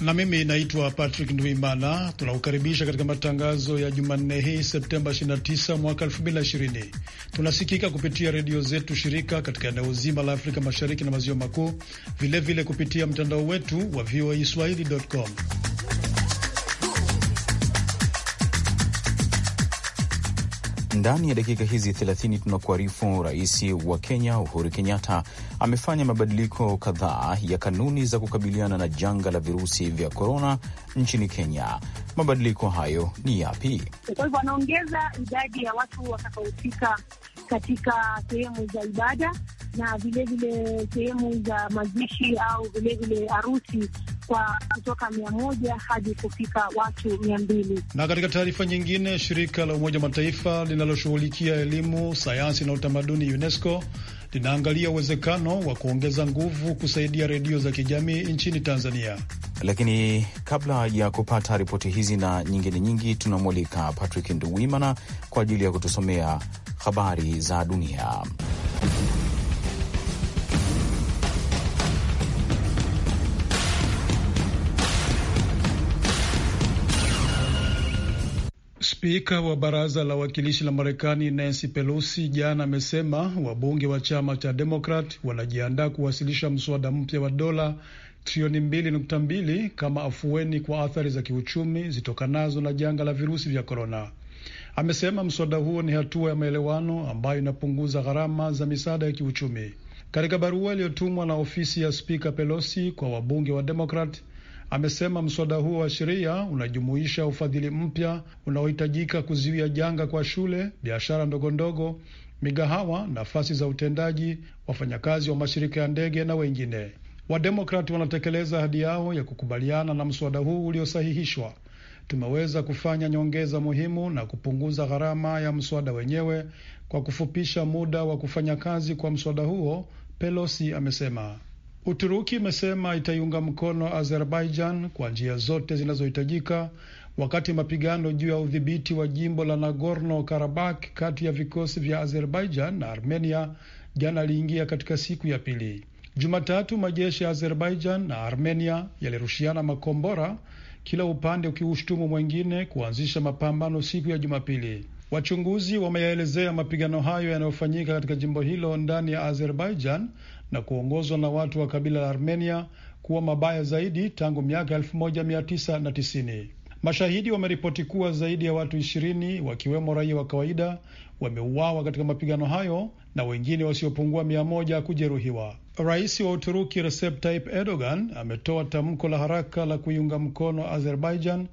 na mimi naitwa Patrick Ndwimana. Tunakukaribisha katika matangazo ya Jumanne hii Septemba 29 mwaka 2020. Tunasikika kupitia redio zetu shirika katika eneo zima la Afrika Mashariki na Maziwa Makuu, vilevile kupitia mtandao wetu wa VOA swahili.com. Ndani ya dakika hizi 30 tunakuarifu, rais wa Kenya Uhuru Kenyatta amefanya mabadiliko kadhaa ya kanuni za kukabiliana na janga la virusi vya korona nchini Kenya. Mabadiliko hayo ni yapi? Kwa hivyo wanaongeza idadi ya watu watakaohusika katika sehemu za ibada na vilevile sehemu za mazishi au vilevile harusi kwa kutoka mia moja hadi kufika watu mia mbili. Na katika taarifa nyingine, shirika la Umoja Mataifa linaloshughulikia elimu, sayansi na utamaduni UNESCO linaangalia uwezekano wa kuongeza nguvu kusaidia redio za kijamii nchini Tanzania. Lakini kabla ya kupata ripoti hizi na nyingine nyingi, tunamwalika Patrick Nduwimana kwa ajili ya kutusomea habari za dunia. Spika wa baraza la wakilishi la Marekani Nancy Pelosi jana amesema wabunge wa chama cha Demokrat wanajiandaa kuwasilisha mswada mpya wa dola trilioni mbili nukta mbili kama afueni kwa athari za kiuchumi zitokanazo na janga la virusi vya korona. Amesema mswada huo ni hatua ya maelewano ambayo inapunguza gharama za misaada ya kiuchumi. Katika barua iliyotumwa na ofisi ya spika Pelosi kwa wabunge wa Demokrat, amesema mswada huo wa sheria unajumuisha ufadhili mpya unaohitajika kuzuia janga kwa shule, biashara ndogondogo, migahawa, nafasi za utendaji, wafanyakazi wa mashirika ya ndege na wengine. Wademokrati wanatekeleza ahadi yao ya kukubaliana na mswada huu uliosahihishwa. Tumeweza kufanya nyongeza muhimu na kupunguza gharama ya mswada wenyewe kwa kufupisha muda wa kufanya kazi kwa mswada huo, Pelosi amesema. Uturuki imesema itaiunga mkono Azerbaijan kwa njia zote zinazohitajika wakati mapigano juu ya udhibiti wa jimbo la Nagorno Karabakh kati ya vikosi vya Azerbaijan na Armenia jana aliingia katika siku ya pili. Jumatatu, majeshi ya Azerbaijan na Armenia yalirushiana makombora, kila upande ukiushtumu mwengine kuanzisha mapambano siku ya Jumapili. Wachunguzi wameyaelezea mapigano hayo yanayofanyika katika jimbo hilo ndani ya Azerbaijan na kuongozwa na watu wa kabila la Armenia kuwa mabaya zaidi tangu miaka 1990. Mashahidi wameripoti kuwa zaidi ya watu ishirini wakiwemo raia wa kawaida wameuawa katika mapigano hayo na wengine wasiopungua mia moja kujeruhiwa. Rais wa Uturuki Recep Tayyip Erdogan ametoa tamko la haraka la kuiunga mkono Azerbaijan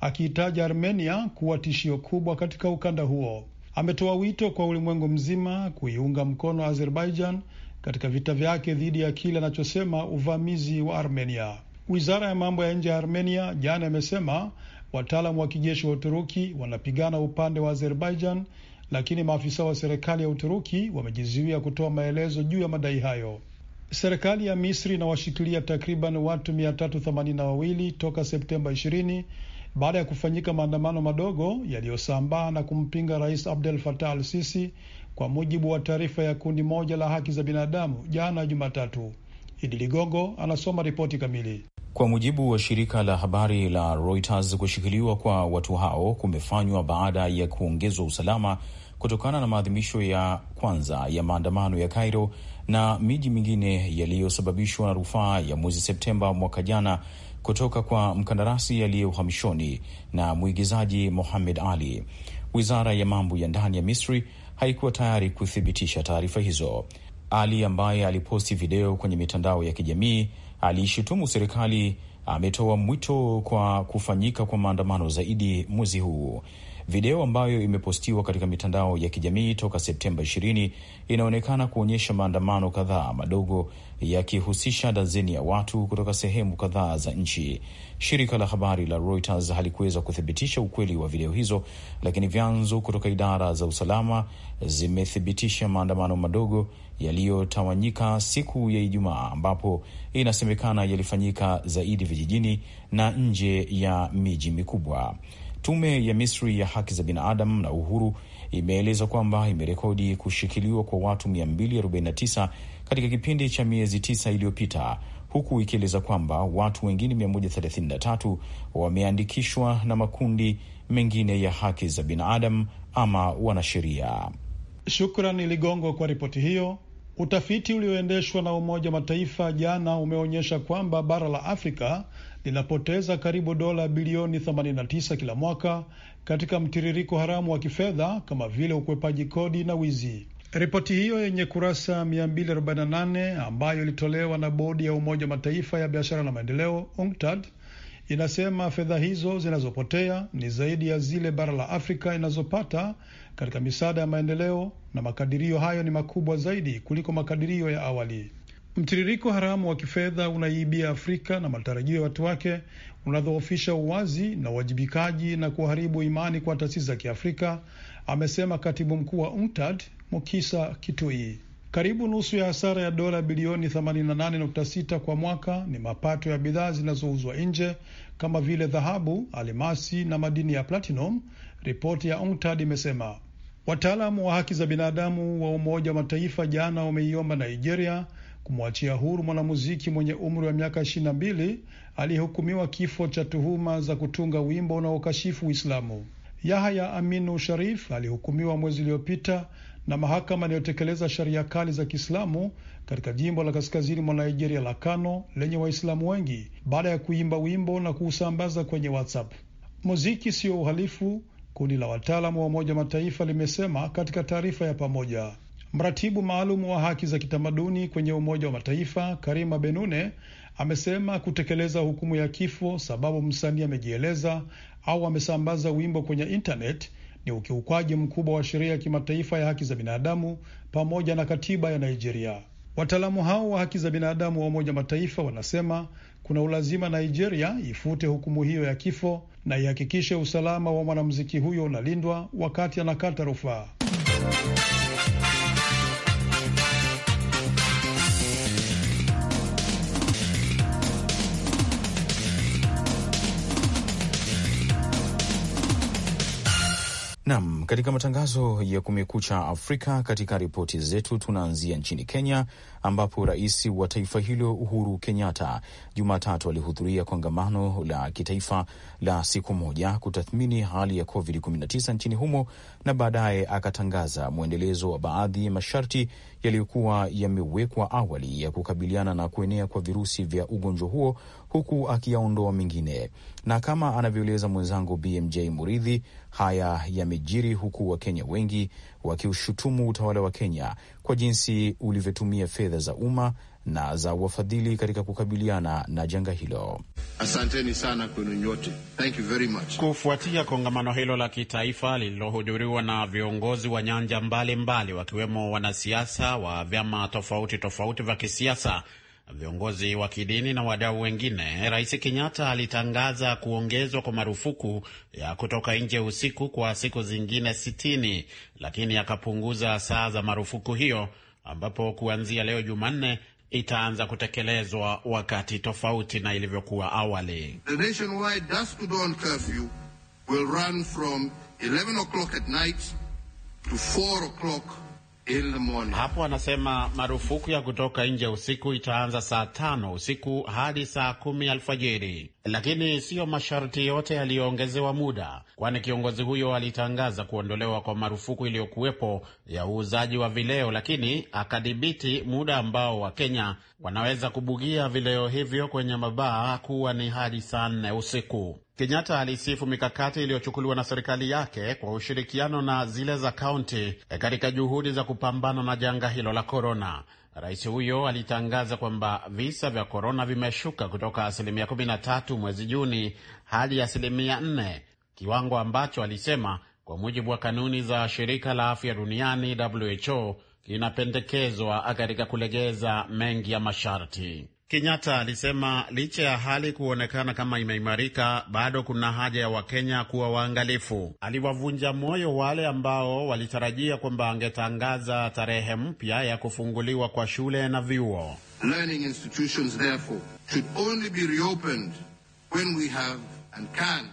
akiitaja Armenia kuwa tishio kubwa katika ukanda huo. Ametoa wito kwa ulimwengu mzima kuiunga mkono Azerbaijan katika vita vyake dhidi ya kile anachosema uvamizi wa Armenia. Wizara ya mambo ya nje ya Armenia jana imesema wataalamu wa kijeshi wa Uturuki wanapigana upande wa Azerbaijan, lakini maafisa wa serikali ya Uturuki wamejizuia kutoa maelezo juu ya madai hayo. Serikali ya Misri inawashikilia takriban watu mia tatu themanini na wawili toka Septemba ishirini baada ya kufanyika maandamano madogo yaliyosambaa na kumpinga Rais Abdel Fattah al Sisi, kwa mujibu wa taarifa ya kundi moja la haki za binadamu jana Jumatatu. Idi Ligongo anasoma ripoti kamili. Kwa mujibu wa shirika la habari la Reuters, kushikiliwa kwa watu hao kumefanywa baada ya kuongezwa usalama kutokana na maadhimisho ya kwanza ya maandamano ya Cairo na miji mingine yaliyosababishwa na rufaa ya mwezi Septemba mwaka jana kutoka kwa mkandarasi aliye uhamishoni na mwigizaji Mohamed Ali. Wizara ya mambo ya ndani ya Misri haikuwa tayari kuthibitisha taarifa hizo. Ali ambaye aliposti video kwenye mitandao ya kijamii aliishutumu serikali. Ametoa mwito kwa kufanyika kwa maandamano zaidi mwezi huu. Video ambayo imepostiwa katika mitandao ya kijamii toka Septemba 20 inaonekana kuonyesha maandamano kadhaa madogo yakihusisha dazeni ya watu kutoka sehemu kadhaa za nchi. Shirika la habari la Reuters halikuweza kuthibitisha ukweli wa video hizo, lakini vyanzo kutoka idara za usalama zimethibitisha maandamano madogo yaliyotawanyika siku ya Ijumaa, ambapo inasemekana yalifanyika zaidi vijijini na nje ya miji mikubwa. Tume ya Misri ya haki za binadamu na uhuru imeeleza kwamba imerekodi kushikiliwa kwa watu 249 katika kipindi cha miezi tisa iliyopita, huku ikieleza kwamba watu wengine 133 wameandikishwa na makundi mengine ya haki za binadamu ama wanasheria. Shukrani Ligongo kwa ripoti hiyo. Utafiti ulioendeshwa na Umoja wa Mataifa jana umeonyesha kwamba bara la Afrika linapoteza karibu dola bilioni 89 kila mwaka katika mtiririko haramu wa kifedha kama vile ukwepaji kodi na wizi. Ripoti hiyo yenye kurasa 248 ambayo ilitolewa na bodi ya Umoja wa Mataifa ya biashara na maendeleo UNCTAD inasema fedha hizo zinazopotea ni zaidi ya zile bara la Afrika inazopata katika misaada ya maendeleo, na makadirio hayo ni makubwa zaidi kuliko makadirio ya awali. Mtiririko haramu wa kifedha unaiibia Afrika na matarajio ya watu wake, unadhoofisha uwazi na uwajibikaji na kuharibu imani kwa taasisi za Kiafrika, amesema katibu mkuu wa UNCTAD Mukisa Kitui. Karibu nusu ya hasara ya dola bilioni 88.6 kwa mwaka ni mapato ya bidhaa zinazouzwa nje kama vile dhahabu, alimasi na madini ya platinum, ripoti ya UNCTAD imesema. Wataalamu wa haki za binadamu wa Umoja wa Mataifa jana wameiomba Nigeria kumwachia huru mwanamuziki mwenye umri wa miaka 22 aliyehukumiwa kifo cha tuhuma za kutunga wimbo unaokashifu Uislamu. Yahya Aminu Sharif alihukumiwa mwezi uliopita na mahakama inayotekeleza sheria kali za Kiislamu katika jimbo la kaskazini mwa Nigeria la Kano lenye Waislamu wengi baada ya kuimba wimbo na kuusambaza kwenye WhatsApp. Muziki siyo uhalifu, kundi la wataalamu wa Umoja Mataifa limesema katika taarifa ya pamoja. Mratibu maalum wa haki za kitamaduni kwenye Umoja wa Mataifa Karima Benune amesema kutekeleza hukumu ya kifo sababu msanii amejieleza au amesambaza wimbo kwenye intaneti ni ukiukwaji mkubwa wa sheria ya kimataifa ya haki za binadamu pamoja na katiba ya Nigeria. Wataalamu hao wa haki za binadamu wa Umoja Mataifa wanasema kuna ulazima Nigeria ifute hukumu hiyo ya kifo na ihakikishe usalama wa mwanamuziki huyo unalindwa wakati anakata rufaa. Nam, katika matangazo ya Kumekucha Afrika, katika ripoti zetu tunaanzia nchini Kenya, ambapo rais wa taifa hilo Uhuru Kenyatta Jumatatu alihudhuria kongamano la kitaifa la siku moja kutathmini hali ya COVID-19 nchini humo na baadaye akatangaza mwendelezo wa baadhi ya masharti yaliyokuwa yamewekwa awali ya kukabiliana na kuenea kwa virusi vya ugonjwa huo huku akiyaondoa mengine. Na kama anavyoeleza mwenzangu BMJ Muridhi, haya yamejiri huku Wakenya wengi wakiushutumu utawala wa Kenya kwa jinsi ulivyotumia fedha za umma na za wafadhili katika kukabiliana na janga hilo. Asanteni sana kwenu nyote. Thank you very much. Kufuatia kongamano hilo la kitaifa lililohudhuriwa na viongozi wa nyanja mbalimbali mbali, wakiwemo wanasiasa wa vyama tofauti tofauti vya kisiasa viongozi wa kidini na wadau wengine, Rais Kenyatta alitangaza kuongezwa kwa marufuku ya kutoka nje usiku kwa siku zingine sitini, lakini akapunguza saa za marufuku hiyo, ambapo kuanzia leo Jumanne itaanza kutekelezwa wakati tofauti na ilivyokuwa awali. The nationwide dusk to dawn curfew will run from 11 o'clock at night to 4 o'clock hapo anasema marufuku ya kutoka nje usiku itaanza saa tano usiku hadi saa kumi alfajiri lakini siyo masharti yote yaliyoongezewa muda, kwani kiongozi huyo alitangaza kuondolewa kwa marufuku iliyokuwepo ya uuzaji wa vileo, lakini akadhibiti muda ambao Wakenya wanaweza kubugia vileo hivyo kwenye mabaa kuwa ni hadi saa nne usiku. Kenyatta alisifu mikakati iliyochukuliwa na serikali yake kwa ushirikiano na zile za kaunti eh, katika juhudi za kupambana na janga hilo la korona. Rais huyo alitangaza kwamba visa vya korona vimeshuka kutoka asilimia 13 mwezi Juni hadi asilimia 4, kiwango ambacho alisema kwa mujibu wa kanuni za shirika la afya duniani WHO kinapendekezwa katika kulegeza mengi ya masharti. Kenyatta alisema licha ya hali kuonekana kama imeimarika, bado kuna haja ya Wakenya kuwa waangalifu. Aliwavunja moyo wale ambao walitarajia kwamba angetangaza tarehe mpya ya kufunguliwa kwa shule na vyuo. Learning institutions therefore should only be reopened when we have and can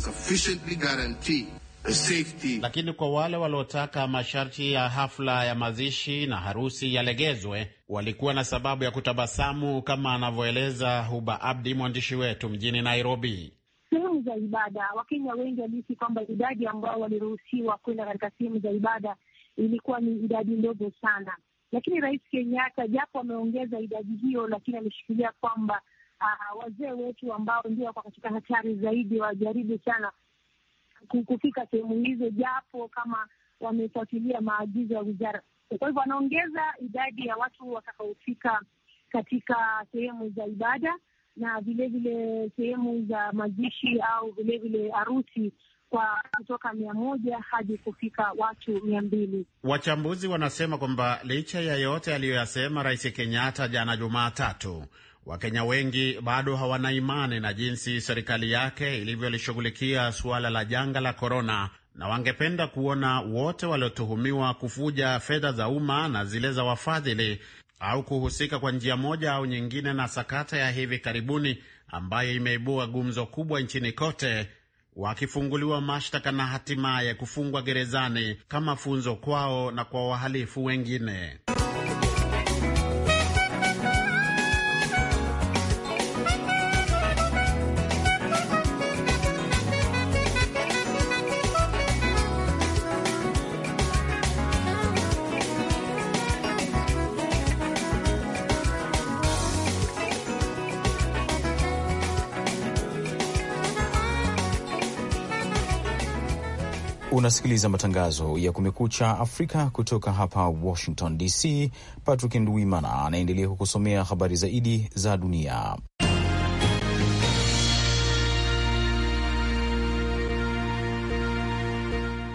sufficiently guarantee Safety. Lakini kwa wale waliotaka masharti ya hafla ya mazishi na harusi yalegezwe walikuwa na sababu ya kutabasamu, kama anavyoeleza Huba Abdi, mwandishi wetu mjini Nairobi. Sehemu za ibada, Wakenya wengi walihisi kwamba idadi ambao waliruhusiwa kwenda katika sehemu za ibada ilikuwa ni idadi ndogo sana, lakini Rais Kenyatta japo ameongeza idadi hiyo, lakini ameshikilia kwamba ah, wazee wetu ambao ndio wako katika hatari zaidi wajaribu sana kufika sehemu hizo, japo kama wamefuatilia maagizo ya wizara. Kwa hivyo wanaongeza idadi ya watu watakaofika katika sehemu za ibada na vilevile sehemu za mazishi au vilevile harusi kwa kutoka mia moja hadi kufika watu mia mbili. Wachambuzi wanasema kwamba licha ya yote aliyoyasema Rais Kenyatta jana Jumatatu, Wakenya wengi bado hawana imani na jinsi serikali yake ilivyolishughulikia suala la janga la korona, na wangependa kuona wote waliotuhumiwa kufuja fedha za umma na zile za wafadhili au kuhusika kwa njia moja au nyingine na sakata ya hivi karibuni ambayo imeibua gumzo kubwa nchini kote wakifunguliwa mashtaka na hatimaye kufungwa gerezani kama funzo kwao na kwa wahalifu wengine. Unasikiliza matangazo ya Kumekucha Afrika kutoka hapa Washington DC. Patrick nduimana anaendelea kukusomea habari zaidi za dunia.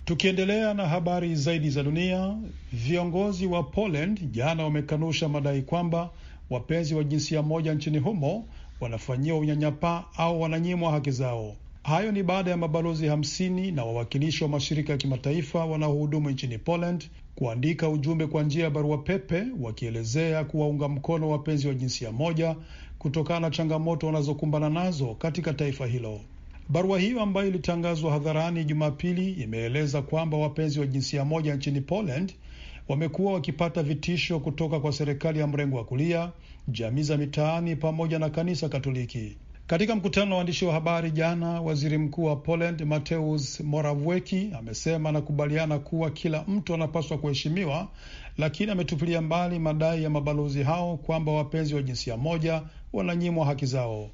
Tukiendelea na habari zaidi za dunia, viongozi wa Poland jana wamekanusha madai kwamba wapenzi wa jinsia moja nchini humo wanafanyiwa unyanyapaa au wananyimwa haki zao. Hayo ni baada ya mabalozi hamsini na wawakilishi wa mashirika ya kimataifa wanaohudumu nchini Poland kuandika ujumbe kwa njia ya barua pepe wakielezea kuwaunga mkono wapenzi wa jinsia moja kutokana na changamoto wanazokumbana nazo katika taifa hilo. Barua hiyo ambayo ilitangazwa hadharani Jumapili imeeleza kwamba wapenzi wa jinsia moja nchini Poland wamekuwa wakipata vitisho kutoka kwa serikali ya mrengo wa kulia, jamii za mitaani pamoja na kanisa Katoliki. Katika mkutano wa waandishi wa habari jana, waziri mkuu wa Poland Mateusz Morawiecki amesema anakubaliana kuwa kila mtu anapaswa kuheshimiwa, lakini ametupilia mbali madai ya mabalozi hao kwamba wapenzi wa jinsia moja wananyimwa haki zao.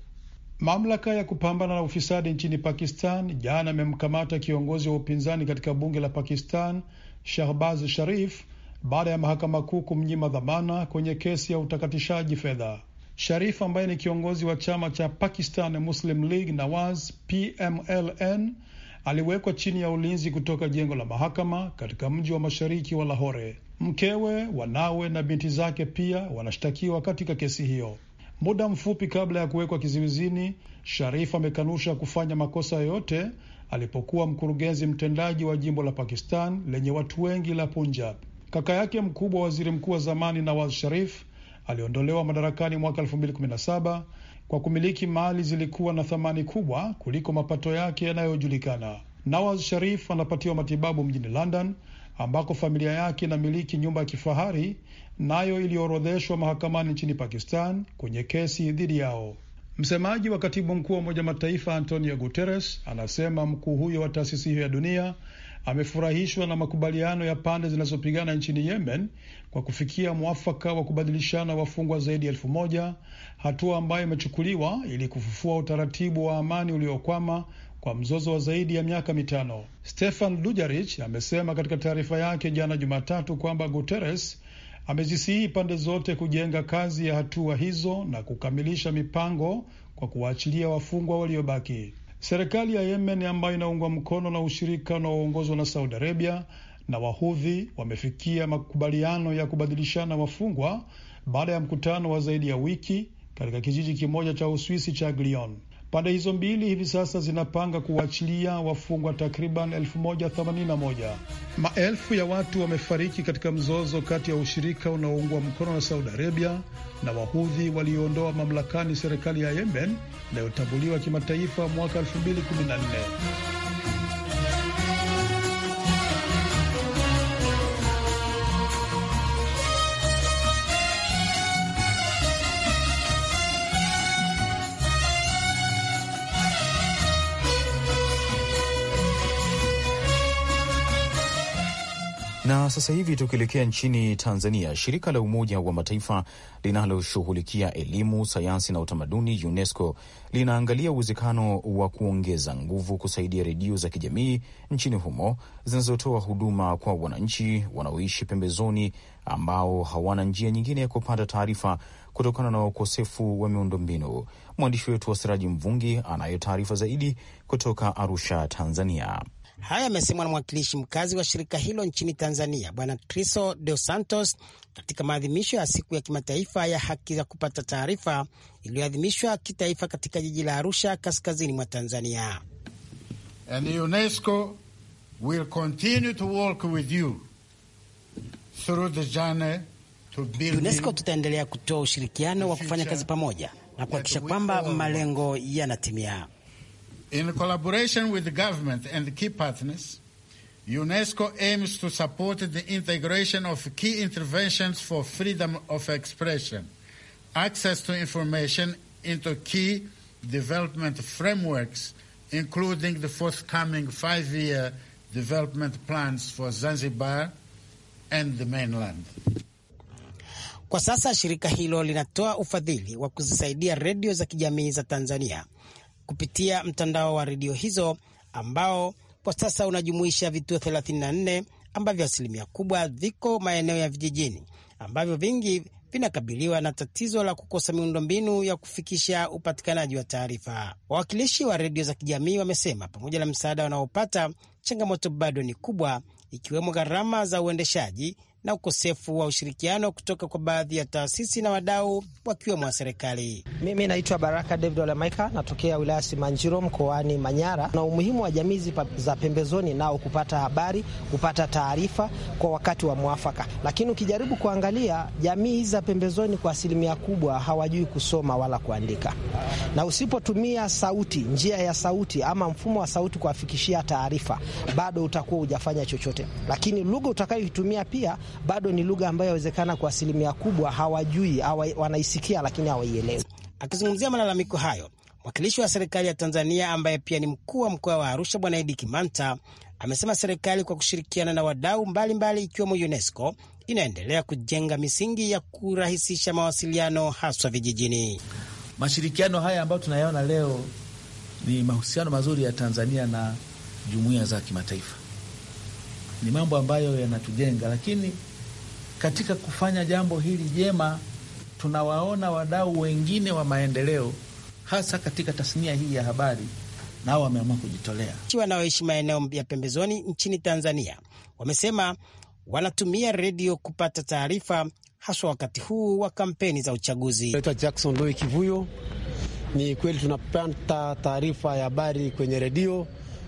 Mamlaka ya kupambana na ufisadi nchini Pakistan jana amemkamata kiongozi wa upinzani katika bunge la Pakistan Shahbaz Sharif baada ya mahakama kuu kumnyima dhamana kwenye kesi ya utakatishaji fedha. Sharif ambaye ni kiongozi wa chama cha Pakistan Muslim League Nawaz PMLN aliwekwa chini ya ulinzi kutoka jengo la mahakama katika mji wa mashariki wa Lahore. Mkewe, wanawe na binti zake pia wanashtakiwa katika kesi hiyo. Muda mfupi kabla ya kuwekwa kizuizini, Sharif amekanusha kufanya makosa yoyote alipokuwa mkurugenzi mtendaji wa jimbo la Pakistan lenye watu wengi la Punjab. Kaka yake mkubwa, waziri mkuu wa zamani Nawaz Sharif, aliondolewa madarakani mwaka 2017 kwa kumiliki mali zilikuwa na thamani kubwa kuliko mapato yake yanayojulikana. Nawaz Sharif anapatiwa matibabu mjini London ambako familia yake inamiliki nyumba ya kifahari nayo iliyoorodheshwa mahakamani nchini Pakistan kwenye kesi dhidi yao. Msemaji wa katibu mkuu wa Umoja Mataifa Antonio Guterres anasema mkuu huyo wa taasisi hiyo ya dunia amefurahishwa na makubaliano ya pande zinazopigana nchini Yemen kwa kufikia mwafaka wa kubadilishana wafungwa zaidi ya elfu moja, hatua ambayo imechukuliwa ili kufufua utaratibu wa amani uliokwama kwa mzozo wa zaidi ya miaka mitano. Stefan Dujarich amesema katika taarifa yake jana Jumatatu kwamba Guterres amezisihi pande zote kujenga kazi ya hatua hizo na kukamilisha mipango kwa kuwaachilia wafungwa waliobaki. Serikali ya Yemen ambayo inaungwa mkono na ushirika unaoongozwa na Saudi Arabia na Wahudhi wamefikia makubaliano ya kubadilishana wafungwa baada ya mkutano wa zaidi ya wiki katika kijiji kimoja cha Uswisi cha Glion. Pande hizo mbili hivi sasa zinapanga kuwaachilia wafungwa takriban 1081. Maelfu ya watu wamefariki katika mzozo kati ya ushirika unaoungwa mkono na Saudi Arabia na wahudhi walioondoa mamlakani serikali ya Yemen inayotambuliwa kimataifa mwaka 2014. sasa hivi tukielekea nchini Tanzania, shirika la Umoja wa Mataifa linaloshughulikia elimu, sayansi na utamaduni, UNESCO, linaangalia uwezekano wa kuongeza nguvu kusaidia redio za kijamii nchini humo zinazotoa huduma kwa wananchi wanaoishi pembezoni, ambao hawana njia nyingine ya kupata taarifa kutokana na ukosefu wa miundombinu. Mwandishi wetu wa Siraji Mvungi anayo taarifa zaidi kutoka Arusha, Tanzania. Haya amesemwa na mwakilishi mkazi wa shirika hilo nchini Tanzania, Bwana triso Dos Santos katika maadhimisho ya siku ya kimataifa ya haki za kupata taarifa iliyoadhimishwa kitaifa katika jiji la Arusha, kaskazini mwa Tanzania. And UNESCO will continue to work with you through the journey to build. UNESCO tutaendelea kutoa ushirikiano wa kufanya kazi pamoja na kuhakikisha kwamba malengo yanatimia. In collaboration with the government and the key partners, UNESCO aims to support the integration of key interventions for freedom of expression, access to information into key development frameworks, including the forthcoming five-year development plans for Zanzibar and the mainland. Kwa sasa shirika hilo linatoa ufadhili wa kuzisaidia redio za kijamii za Tanzania kupitia mtandao wa redio hizo ambao kwa sasa unajumuisha vituo 34 ambavyo asilimia kubwa viko maeneo ya vijijini ambavyo vingi vinakabiliwa na tatizo la kukosa miundombinu ya kufikisha upatikanaji wa taarifa. Wawakilishi wa redio za kijamii wamesema pamoja na msaada wanaopata, changamoto bado ni kubwa, ikiwemo gharama za uendeshaji na ukosefu wa ushirikiano kutoka kwa baadhi ya taasisi na wadau wakiwemo wa serikali. Mimi naitwa Baraka David Olemaika, natokea wilaya Simanjiro mkoani Manyara, na umuhimu wa jamii za pembezoni nao kupata habari, kupata taarifa kwa wakati wa mwafaka. Lakini ukijaribu kuangalia jamii za pembezoni, kwa asilimia kubwa hawajui kusoma wala kuandika, na usipotumia sauti, njia ya sauti ama mfumo wa sauti kuwafikishia taarifa, bado utakuwa hujafanya chochote. Lakini lugha utakayoitumia pia bado ni lugha ambayo yawezekana kwa asilimia kubwa hawajui hawa, wanaisikia lakini hawaielewi. Akizungumzia malalamiko hayo, mwakilishi wa serikali ya Tanzania ambaye pia ni mkuu wa mkoa wa Arusha Bwana Edi Kimanta amesema serikali kwa kushirikiana na wadau mbalimbali ikiwemo UNESCO inaendelea kujenga misingi ya kurahisisha mawasiliano haswa vijijini. Mashirikiano haya ambayo tunayaona leo ni mahusiano mazuri ya Tanzania na jumuiya za kimataifa ni mambo ambayo yanatujenga, lakini katika kufanya jambo hili jema, tunawaona wadau wengine wa maendeleo, hasa katika tasnia hii ya habari, nao wameamua kujitolea. Wanaoishi maeneo ya pembezoni nchini Tanzania wamesema wanatumia redio kupata taarifa, haswa wakati huu wa kampeni za uchaguzi. Naitwa Jackson Loi Kivuyo. Ni kweli tunapata taarifa ya habari kwenye redio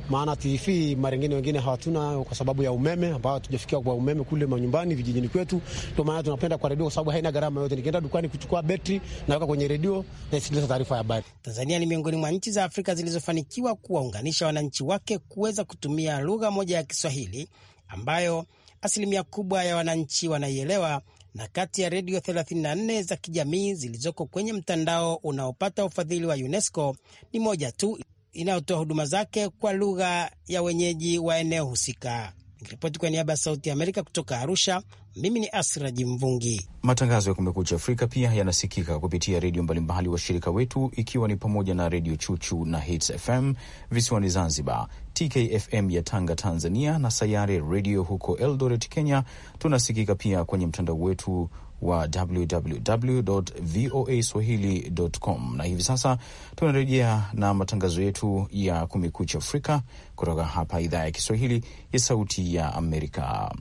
maana hatuifii maringine wengine hawatuna kwa sababu ya umeme ambao hatujafikia kwa umeme kule manyumbani vijijini kwetu. Ndio maana tunapenda kwa redio kwa sababu haina gharama yote. Nikienda dukani kuchukua betri naweka kwenye redio na naisikiliza taarifa ya habari. Tanzania ni miongoni mwa nchi za Afrika zilizofanikiwa kuwaunganisha wananchi wake kuweza kutumia lugha moja ya Kiswahili ambayo asilimia kubwa ya wananchi wanaielewa na kati ya redio 34 za kijamii zilizoko kwenye mtandao unaopata ufadhili wa UNESCO ni moja tu inayotoa huduma zake kwa lugha ya wenyeji wa eneo husika. Nikiripoti kwa niaba ya Sauti ya Amerika kutoka Arusha, mimi ni Asraji Mvungi. Matangazo ya Kumekucha Afrika pia yanasikika kupitia redio mbalimbali washirika wetu, ikiwa ni pamoja na Redio Chuchu na Hits FM visiwani Zanzibar, TKFM ya Tanga, Tanzania, na Sayare Redio huko Eldoret, Kenya. Tunasikika pia kwenye mtandao wetu wa www voa swahili com, na hivi sasa tunarejea na matangazo yetu ya Kumekucha Afrika kutoka hapa idhaa ya Kiswahili ya Sauti ya Amerika.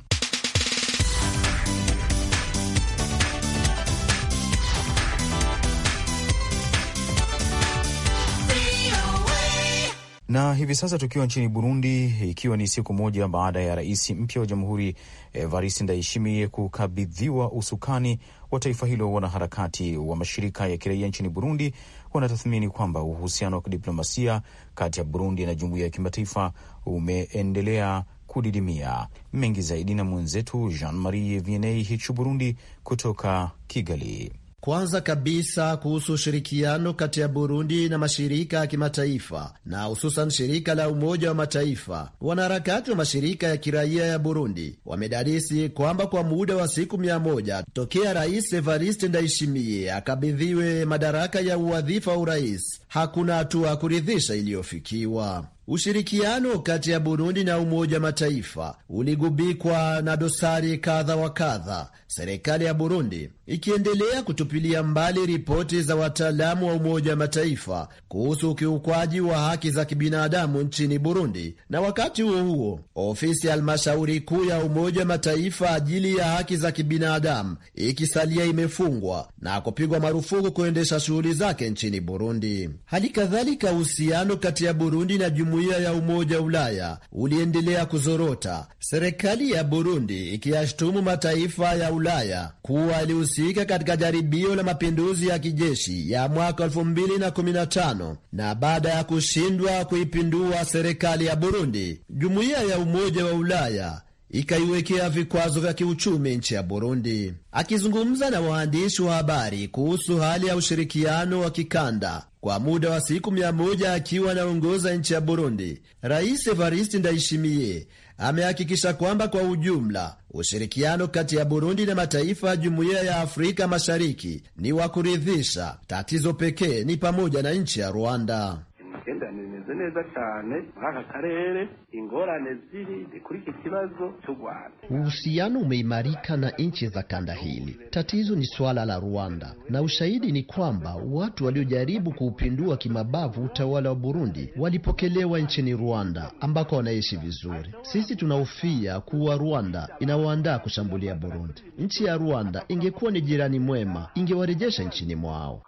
Na hivi sasa tukiwa nchini Burundi, ikiwa ni siku moja baada ya rais mpya wa jamhuri Evariste Ndayishimiye kukabidhiwa usukani wa taifa hilo, wanaharakati wa mashirika ya kiraia nchini Burundi wanatathmini kwamba uhusiano wa kidiplomasia kati ya Burundi na jumuiya ya kimataifa umeendelea kudidimia. Mengi zaidi na mwenzetu Jean Marie Vianney Hichu Burundi kutoka Kigali. Kwanza kabisa kuhusu ushirikiano kati ya Burundi na mashirika ya kimataifa na hususan shirika la Umoja wa Mataifa, wanaharakati wa mashirika ya kiraia ya Burundi wamedadisi kwamba kwa muda wa siku mia moja tokea Rais Evariste Ndayishimiye akabidhiwe madaraka ya uwadhifa wa urais hakuna hatua ya kuridhisha iliyofikiwa. Ushirikiano kati ya Burundi na Umoja wa Mataifa uligubikwa na dosari kadha wa kadha. Serikali ya Burundi ikiendelea kutupilia mbali ripoti za wataalamu wa Umoja wa Mataifa kuhusu ukiukwaji wa haki za kibinadamu nchini Burundi. Na wakati huo huo, ofisi ya halmashauri kuu ya Umoja wa Mataifa ajili ya haki za kibinadamu ikisalia imefungwa na kupigwa marufuku kuendesha shughuli zake nchini Burundi. Hali kadhalika, uhusiano kati ya Burundi na Jumuiya ya Umoja wa Ulaya uliendelea kuzorota, serikali ya Burundi ikiyashutumu mataifa ya Ulaya kuwa kuhusika katika jaribio la mapinduzi ya kijeshi ya mwaka 2015 na baada ya kushindwa kuipindua serikali ya Burundi, jumuiya ya Umoja wa Ulaya ikaiwekea vikwazo vya kiuchumi nchi ya Burundi. Akizungumza na waandishi wa habari kuhusu hali ya ushirikiano wa kikanda kwa muda wa siku mia moja akiwa anaongoza nchi ya Burundi, Rais Evariste Ndayishimiye amehakikisha kwamba kwa ujumla ushirikiano kati ya Burundi na mataifa ya jumuiya ya Afrika Mashariki ni wa kuridhisha. Tatizo pekee ni pamoja na nchi ya Rwanda imigenderanire imeze neza cyane muri karere ingorane ziri kuri iki kibazo cy'u Rwanda. Uhusiano umeimarika na nchi za kanda hili. Tatizo ni swala la Rwanda, na ushahidi ni kwamba watu waliojaribu kuupindua kimabavu utawala wa Burundi walipokelewa nchini Rwanda ambako wanaishi vizuri. Sisi tunahofia kuwa Rwanda inawaandaa kushambulia Burundi. Nchi ya Rwanda ingekuwa ni jirani mwema, ingewarejesha nchini mwao.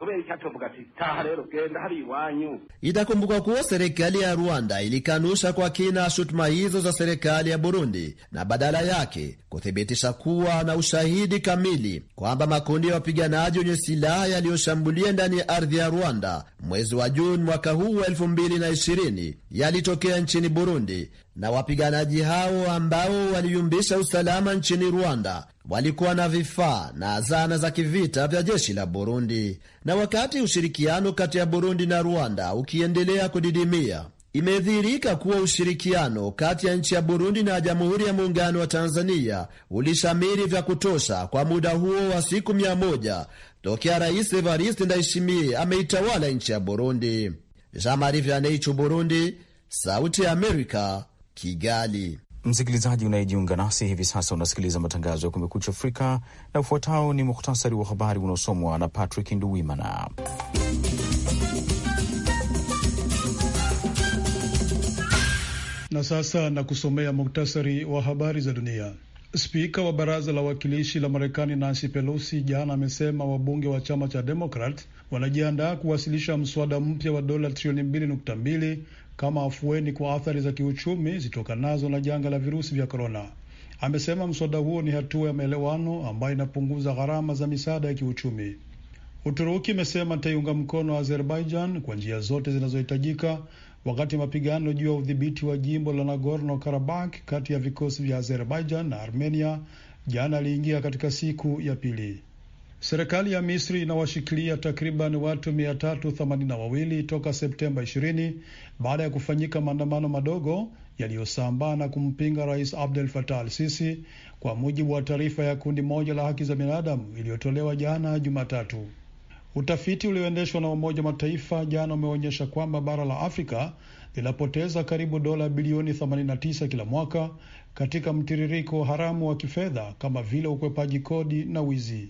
Itakumbuka Itakumbukwa kuwa serikali ya Rwanda ilikanusha kwa kina shutuma hizo za serikali ya Burundi na badala yake kuthibitisha kuwa na ushahidi kamili kwamba makundi ya wapiganaji wenye silaha yaliyoshambulia ndani ya ardhi ya Rwanda mwezi wa Juni mwaka huu wa 2020 yalitokea nchini Burundi na wapiganaji hao ambao waliyumbisha usalama nchini Rwanda walikuwa na vifaa na zana za kivita vya jeshi la Burundi. Na wakati ushirikiano kati ya Burundi na Rwanda ukiendelea kudidimia, imedhihirika kuwa ushirikiano kati ya nchi ya Burundi na Jamhuri ya Muungano wa Tanzania ulishamiri vya kutosha kwa muda huo wa siku mia moja tokea Rais Evariste Ndayishimiye ameitawala nchi ya Burundi. Jean Marie Vianney, Burundi, Sauti ya Amerika, Kigali. Msikilizaji unayejiunga nasi hivi sasa, unasikiliza matangazo ya Kumekucha Afrika, na ufuatao ni muhtasari wa habari unaosomwa na Patrick Nduwimana. Na sasa na kusomea muktasari wa habari za dunia. Spika wa baraza la wawakilishi la Marekani Nancy Pelosi jana amesema wabunge wa chama cha Demokrat wanajiandaa kuwasilisha mswada mpya wa dola trilioni mbili nukta mbili kama afueni kwa athari za kiuchumi zitokanazo na janga la virusi vya korona. Amesema mswada huo ni hatua ya maelewano ambayo inapunguza gharama za misaada ya kiuchumi. Uturuki imesema itaiunga mkono Azerbaijan kwa njia zote zinazohitajika wakati mapigano juu ya udhibiti wa jimbo la Nagorno Karabakh kati ya vikosi vya Azerbaijan na Armenia jana aliingia katika siku ya pili. Serikali ya Misri inawashikilia takriban watu mia tatu themanini na wawili toka Septemba 20 baada ya kufanyika maandamano madogo yaliyosambaa na kumpinga Rais Abdel Fattah al Sisi, kwa mujibu wa taarifa ya kundi moja la haki za binadamu iliyotolewa jana Jumatatu. Utafiti ulioendeshwa na Umoja wa Mataifa jana umeonyesha kwamba bara la Afrika linapoteza karibu dola bilioni 89 kila mwaka katika mtiririko haramu wa kifedha kama vile ukwepaji kodi na wizi.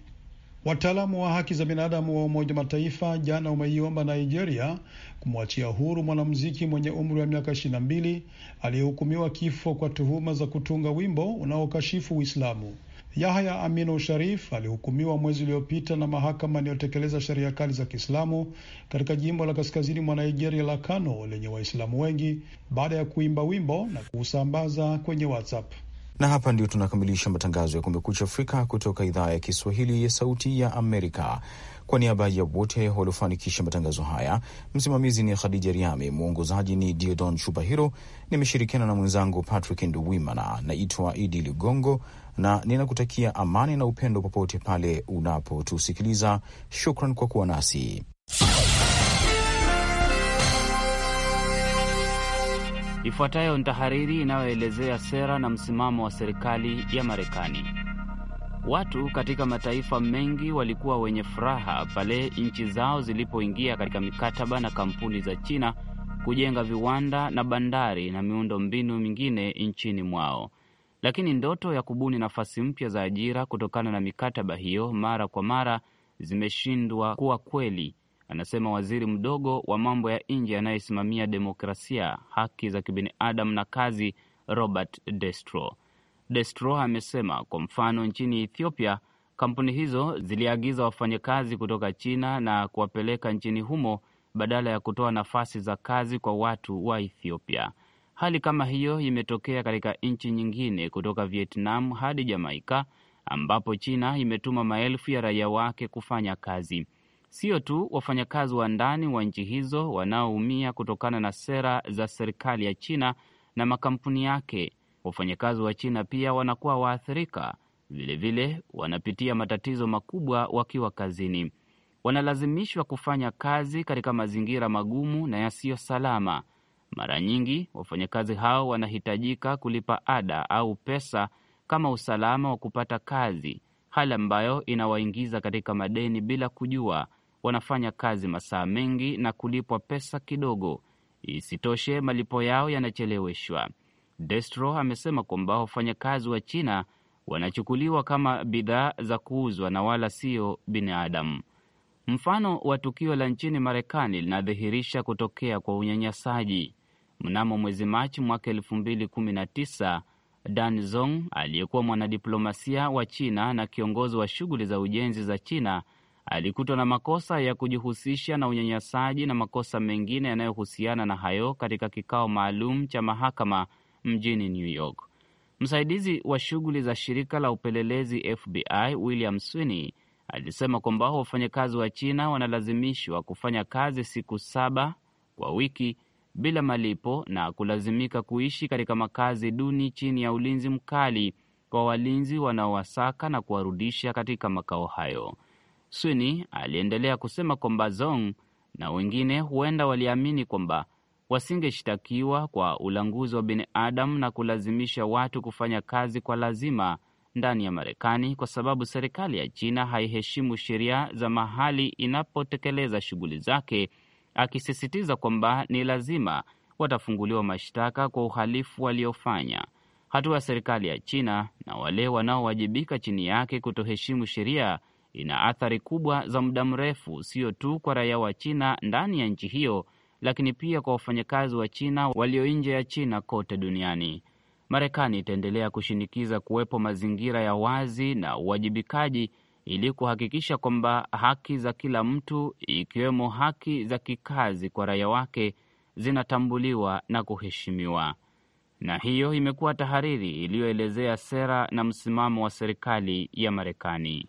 Wataalamu wa haki za binadamu wa Umoja Mataifa jana umeiomba Nigeria kumwachia huru mwanamuziki mwenye umri wa miaka ishirini na mbili aliyehukumiwa kifo kwa tuhuma za kutunga wimbo unaokashifu Uislamu. Yahya Aminu Sharif alihukumiwa mwezi uliopita na mahakama inayotekeleza sheria kali za Kiislamu katika jimbo la kaskazini mwa Nigeria la Kano lenye Waislamu wengi baada ya kuimba wimbo na kuusambaza kwenye WhatsApp. Na hapa ndio tunakamilisha matangazo ya Kumekucha Afrika kutoka idhaa ya Kiswahili ya Sauti ya Amerika. Kwa niaba ya wote waliofanikisha matangazo haya, msimamizi ni Khadija Riami, mwongozaji ni Diodon Chubahiro. Nimeshirikiana na mwenzangu Patrick Nduwimana. Naitwa Idi Ligongo na ninakutakia amani na upendo popote pale unapotusikiliza. Shukran kwa kuwa nasi. Ifuatayo ni tahariri inayoelezea sera na msimamo wa serikali ya Marekani. Watu katika mataifa mengi walikuwa wenye furaha pale nchi zao zilipoingia katika mikataba na kampuni za China kujenga viwanda na bandari na miundo mbinu mingine nchini mwao, lakini ndoto ya kubuni nafasi mpya za ajira kutokana na mikataba hiyo mara kwa mara zimeshindwa kuwa kweli anasema waziri mdogo wa mambo ya nje anayesimamia demokrasia, haki za kibinadamu na kazi, Robert Destro. Destro amesema kwa mfano, nchini Ethiopia kampuni hizo ziliagiza wafanyakazi kutoka China na kuwapeleka nchini humo badala ya kutoa nafasi za kazi kwa watu wa Ethiopia. Hali kama hiyo imetokea katika nchi nyingine kutoka Vietnam hadi Jamaika, ambapo China imetuma maelfu ya raia wake kufanya kazi. Sio tu wafanyakazi wa ndani wa nchi hizo wanaoumia kutokana na sera za serikali ya China na makampuni yake. Wafanyakazi wa China pia wanakuwa waathirika vilevile, wanapitia matatizo makubwa wakiwa kazini. Wanalazimishwa kufanya kazi katika mazingira magumu na yasiyo salama. Mara nyingi wafanyakazi hao wanahitajika kulipa ada au pesa kama usalama wa kupata kazi, hali ambayo inawaingiza katika madeni bila kujua, wanafanya kazi masaa mengi na kulipwa pesa kidogo. Isitoshe, malipo yao yanacheleweshwa. Destro amesema kwamba wafanyakazi wa China wanachukuliwa kama bidhaa za kuuzwa na wala sio binadamu. Mfano wa tukio la nchini Marekani linadhihirisha kutokea kwa unyanyasaji. Mnamo mwezi Machi mwaka elfu mbili kumi na tisa, Dan Zong aliyekuwa mwanadiplomasia wa China na kiongozi wa shughuli za ujenzi za China alikutwa na makosa ya kujihusisha na unyanyasaji na makosa mengine yanayohusiana na hayo katika kikao maalum cha mahakama mjini New York. Msaidizi wa shughuli za shirika la upelelezi FBI William Sweeney alisema kwamba wafanyakazi wa China wanalazimishwa kufanya kazi siku saba kwa wiki bila malipo na kulazimika kuishi katika makazi duni chini ya ulinzi mkali kwa walinzi wanaowasaka na kuwarudisha katika makao hayo. Swini aliendelea kusema kwamba Zong na wengine huenda waliamini kwamba wasingeshtakiwa kwa ulanguzi wa binadamu na kulazimisha watu kufanya kazi kwa lazima ndani ya Marekani kwa sababu serikali ya China haiheshimu sheria za mahali inapotekeleza shughuli zake, akisisitiza kwamba ni lazima watafunguliwa mashtaka kwa uhalifu waliofanya. Hatua ya serikali ya China na wale wanaowajibika chini yake kutoheshimu sheria ina athari kubwa za muda mrefu, sio tu kwa raia wa China ndani ya nchi hiyo, lakini pia kwa wafanyakazi wa China walio nje ya China kote duniani. Marekani itaendelea kushinikiza kuwepo mazingira ya wazi na uwajibikaji ili kuhakikisha kwamba haki za kila mtu ikiwemo haki za kikazi kwa raia wake zinatambuliwa na kuheshimiwa. Na hiyo imekuwa tahariri iliyoelezea sera na msimamo wa serikali ya Marekani.